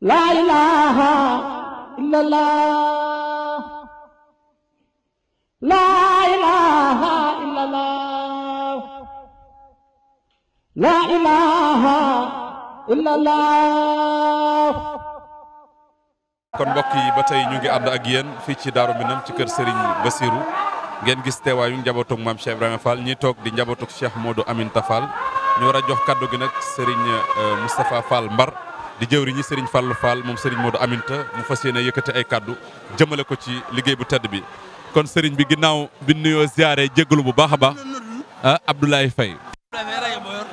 kon mbokk yi ba tey ñu ngi ànd ak yéen fii ci Daaru Minam ci kër sëriñ Bassirou ngeen gis teewaayu njabootug maam Cheikh Ibrahima Fall ñi toog di njabootug Cheikh moodu Aminta Fall ñu war a jox kaddu gi nag sëriñ euh, Moustapha Fall Mbar. di jëw jëwriñi sëriñ Fallou Fall moom Serigne Modou Aminta mu fas yéene yëkkati ay kaddu jëmale ko ci liggéey bu tedd bi kon sëriñ bi ginnaaw bi nuyoo ziare jégalu bu baax a baax ah, Abdoulaye Faye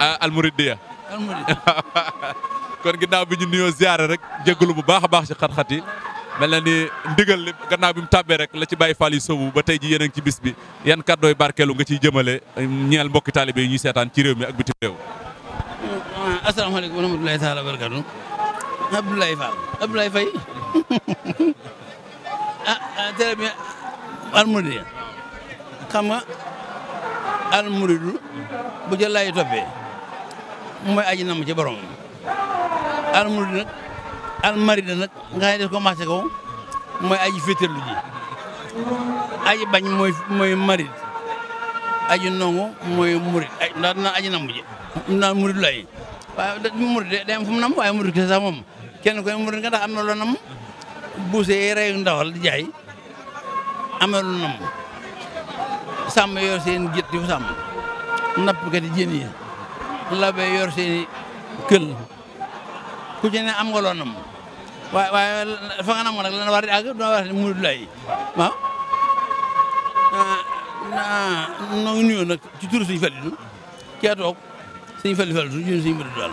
ah, almuridiya kon ginnaaw bi ñu nuyoo ziare rek jégalu bu baax a baax ci xat-xat yi na ni ndigal li gannaaw bi mu tàbbee rek la ci Baye Fall yi sowu ba tey ji yéen ci bis bi yan kàddooy barkeelu nga ciy jëmale ñeel mbokki taalibe yi ñuy seetaan ci réew mi ak bitim réew. asalaamaaleykum Abdoulaye Fall Abdoulaye Faye ah, ah télé bi almouridiya xam nga almouridu bu jël laay toppee mooy aji nam ci borom almouridu nag almarida nag nga xam ne def ko marché ko mooy aji féeterlu ji aji bañ mooy mooy marid aji nongo mooy murid ndax dina aji nam ji naan murid lay waaye murid day am fu mu nam waaye murid kese sax moom kenn ko ne mu nga ndax am na loo nam buuse yi reyu ndawal di jaay am na loo nam sàmm yor seen jët yu sàmm nappkat yi jën labe yor seen kël ku am nga loo nam waaye waaye nam nga nag lana war di àgg duna war di murid lay waaw na nuyoo nag ci turu suñu falidu kee toog suñu fali falidu jun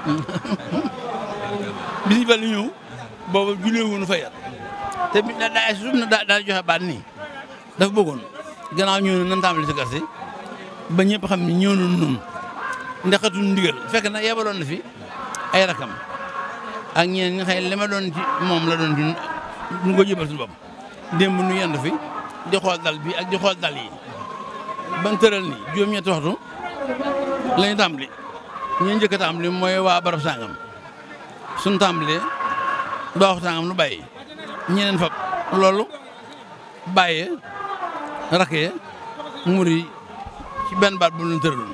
bi ñu fal ñëw booba jullee wuñu te bi daa daa suuf na joxe baat nii dafa bëggoon gannaaw ñëw na nan tàmbali si quartier ba ñëpp xam ne ñëw na noonu ndaxatuñu ndigal fekk na yebaloon na fi ay rakam ak ñeneen ñi xëy li ma doon ci moom la doon dund ñu ko jëbal suñu bopp démb nu yendu fi di xool dal bi ak di xool dal yi ban tëral nii juróom-ñetti waxtu lañu tàmbali ñu njëkk a tàmbali mooy waa barab sàngam suñu tàmbalee doox sàngam nu bàyyi ñeneen fab loolu bàyyee rakkee mur yi benn baat bu ñu tëraloon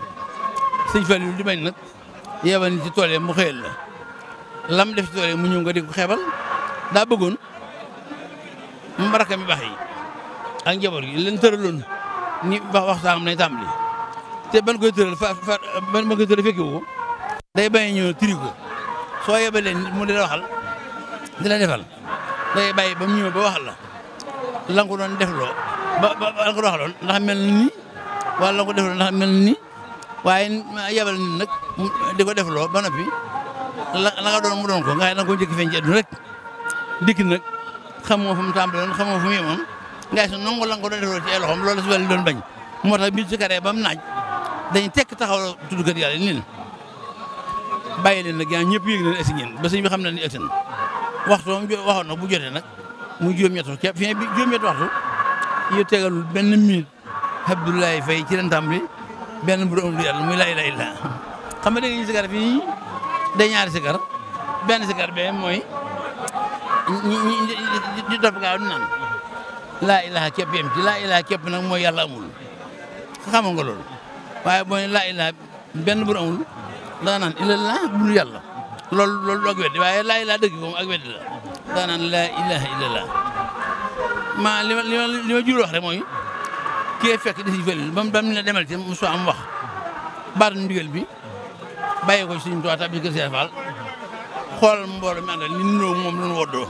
sëñ Fall yu di bañ nag yeebal ci tool yi mu xëyal la lam def ci tool mu ñëw nga di ko daa bëggoon mu rakka mi baax yi ak njaboot gi leen tëraloon ni wax waxtaan am nay te ban koy tëral fa fa ban koy tëral fekki day bàyyi ñëw tiri ko soo yebalee mu di la waxal di la defal day bay ba mu ñëw ba waxal la la ko doon defloo ba ba la ko mel na ni wala la ko defloo ndax mel na ni waaye yebal nit nag di ko defloo ba nappi la la doon mu doon ko nga xam ne da nga ko njëkk feeñ ci àdduna rek dikk nag xamoo fu mu tàmbalee xamoo fu mu yemoon nga xam ne nangu ko doon defloo ci ay loxoom loolu la si wàllu doon bañ moo tax bi su karee ba mu naaj dañuy tekk taxaw tudd kër yàlla nii bàyyi leen nag yaa ñëpp yéeg leen esi ngeen ba sëñ xam na ni ëttan waxtu waxoon na bu jotee nag mu juróom-ñett waxtu bi juróom-ñett waxtu yu tegalul benn minute Abdoulaye Faye ci bi benn bu doon yàlla muy lay lay la xam nga da nga ñu sikar fii day ñaari benn sikar bee mooy ñi ñi di topp gaaw di laa ilaha képp yem ci laa ilaha képp nag mooy yàlla amul xam nga loolu waaye boo laa ilaha benn bu amul. daa naan illallah bul yàlla loolu loolu ak weddi waaye laa ilaa dëgg moom ak weddi la naan laa ilaha illallah ma li ma li ma li ma jur wax rek mooy kii fekk di si valil ba mu soo am wax baat ndigal bi bàyyi ko ci suñu tuwaat bi kër Cheikh Fall xool mbooloo mi àndal li niroo moom la ñu woddoo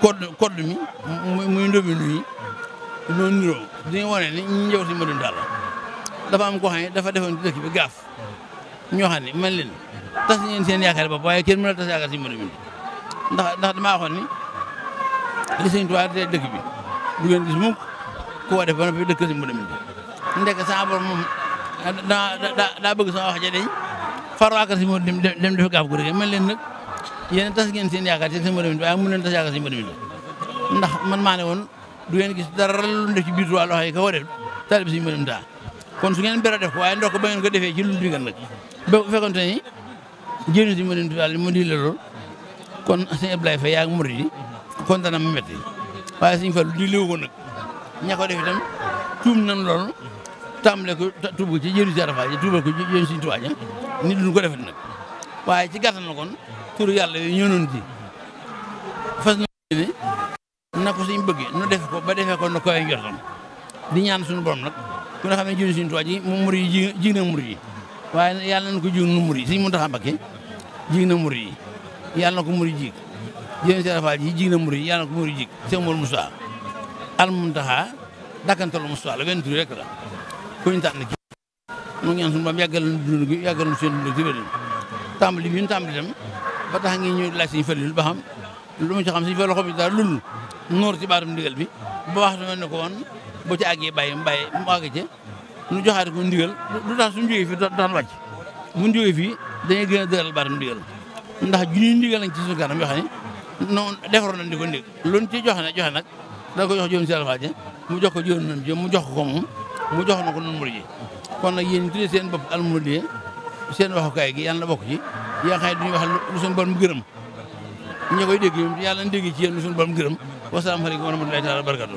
code code mi muy ndomi nuyi noonu niroo dañuy wane ni ñu njëw si ma dund daal dafa am ko xam ne dafa defoon dëkk bi gaaf ñoo xam ne man leen tas ngeen seen yaakaar bopp waaye kenn mën a si mën a ndax ndax damaa waxoon ni li sëñ Tuubaa te dëkk bi du ngeen gis mukk ku ko def ba noppi dëkk si mën a bind ndek sa borom moom daa bëgg sama wax ja deñ faro akar si mën dem def gu rek man leen nag yéen tas ngeen seen yaakaar si mën a bind waaye mën leen tas yaakaar si mën ndax man maa ne woon du ngeen gis dara lu def ci biir Tuubaa loxo yi ka ko def talib si mën kon su ngeen bera def waaye ndok ba ngeen ko defee ci lu ngeen nag bu fekkonte ni jëriñu si Madina Fall mu di la lool kon si Ablaye Faye yaa ngi murid yi kontaan na mu métti waaye sëñ Fallu di léew ko nag ña ko def itam tuub nan loolu tàmbale ko tuub ko ci jëriñu si Arafa ji tuubal ko jëriñu si Tuubaa ja nit duñ ko defet nag waaye ci gàttal na kon turu yàlla yooyu ñoo noonu ci fas na ne na ko suñ bëggee nu def ko ba defee ko nu koy njortam di ñaan sunu borom nag ku ne xam ne jëriñu si Tuubaa ji mu mur yi ji na murid yi waaye yàlla na ko jiw nu murid yi Sëriñ Muntaxa Mbakke jig na murid yi yàlla na ko murid jig jëriñ Seex Faal ji jig na murid yi yàlla na ko murid jig Seex Mor Musaa al Muntaxa dakkantalu Musaa la benn tur rek la ku ñu tànn ki mu ngi ñaan suñu bam yàggal dund gi yàggal ñu seen dund ci wér tàmbali bi ñu tàmbali tam ba tax ngi ñu laaj Sëriñ ba xam lu mu ci xam Sëriñ Fallu xob bi daal lul noor ci baatum ndigal bi ba wax ne ko woon bu ci àggee bàyyi mu bàyyi ñu joxaat ko ndigal lu tax suñu jógee fii daan wàcc buñ jógee fii dañuy gën a dëral bari ndigal ndax junniy ndigal lañ ci suñu kanam yoo ne ko ndég loolu ci joxe ne joxe nag da ko jox juróom si alfaaje mu jox ko juróom nam ji mu jox ko moom mu jox na ko noonu murid yi kon nag yéen ñu tuddee seen bopp almurid seen waxukaay gi yàlla na bokk ci yaa xam ne duñu wax lu suñu borom gërëm ñi koy dégg ñoom yàlla dégg ci yéen lu suñu borom gërëm wasalaamaaleykum wa rahmatullahi taala wa barakatu